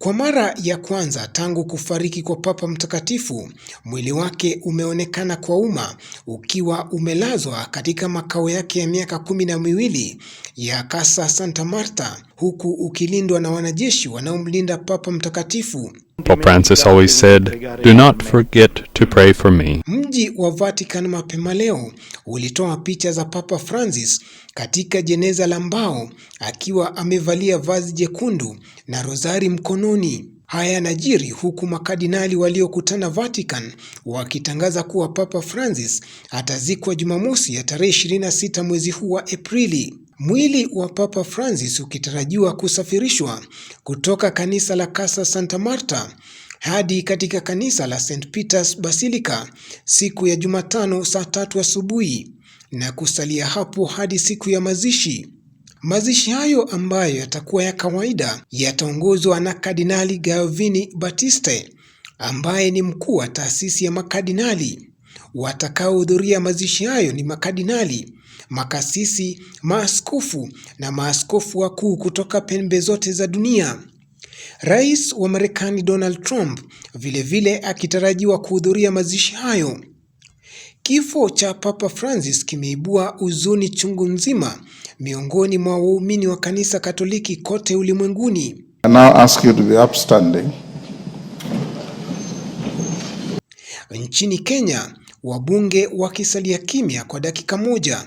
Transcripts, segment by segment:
Kwa mara ya kwanza tangu kufariki kwa Papa Mtakatifu, mwili wake umeonekana kwa umma ukiwa umelazwa katika makao yake ya miaka kumi na miwili ya Casa Santa Marta huku ukilindwa na wanajeshi wanaomlinda Papa Mtakatifu. Pope Francis always said, do not forget to pray for me. Mji wa Vatican mapema leo ulitoa picha za Papa Francis katika jeneza la mbao akiwa amevalia vazi jekundu na rozari mkononi. Haya yanajiri huku makadinali waliokutana Vatican wakitangaza kuwa Papa Francis atazikwa Jumamosi ya tarehe 26 mwezi huu wa Aprili. Mwili wa Papa Francis ukitarajiwa kusafirishwa kutoka kanisa la Casa Santa Marta hadi katika kanisa la St. Peter's Basilica siku ya Jumatano saa tatu asubuhi na kusalia hapo hadi siku ya mazishi. Mazishi hayo ambayo yatakuwa ya kawaida yataongozwa na Kardinali Giovanni batiste ambaye ni mkuu wa taasisi ya makardinali. Watakaohudhuria mazishi hayo ni makardinali makasisi, maaskofu na maaskofu wakuu kutoka pembe zote za dunia. Rais wa Marekani Donald Trump vilevile vile akitarajiwa kuhudhuria mazishi hayo. Kifo cha Papa Francis kimeibua huzuni chungu nzima miongoni mwa waumini wa kanisa Katoliki kote ulimwenguni. Nchini Kenya, wabunge wakisalia kimya kwa dakika moja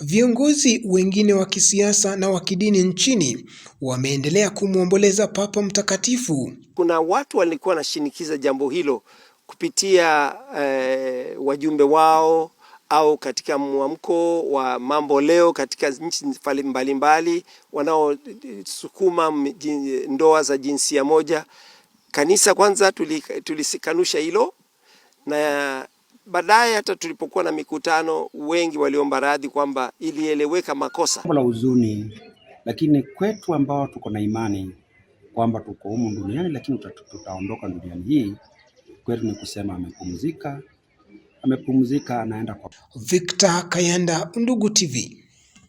Viongozi wengine wa kisiasa na wa kidini nchini wameendelea kumwomboleza Papa Mtakatifu. Kuna watu walikuwa wanashinikiza jambo hilo kupitia eh, wajumbe wao au katika mwamko wa mambo leo katika nchi mbalimbali wanaosukuma ndoa za jinsia moja. Kanisa kwanza tulisikanusha tuli hilo na Baadaye hata tulipokuwa na mikutano, wengi waliomba radhi kwamba ilieleweka makosa. Jambo la huzuni, lakini kwetu ambao tuko na imani kwamba tuko humu duniani lakini tutaondoka duniani hii, kwetu ni kusema amepumzika, amepumzika, anaenda kwa. Victor Kayanda, Undugu TV.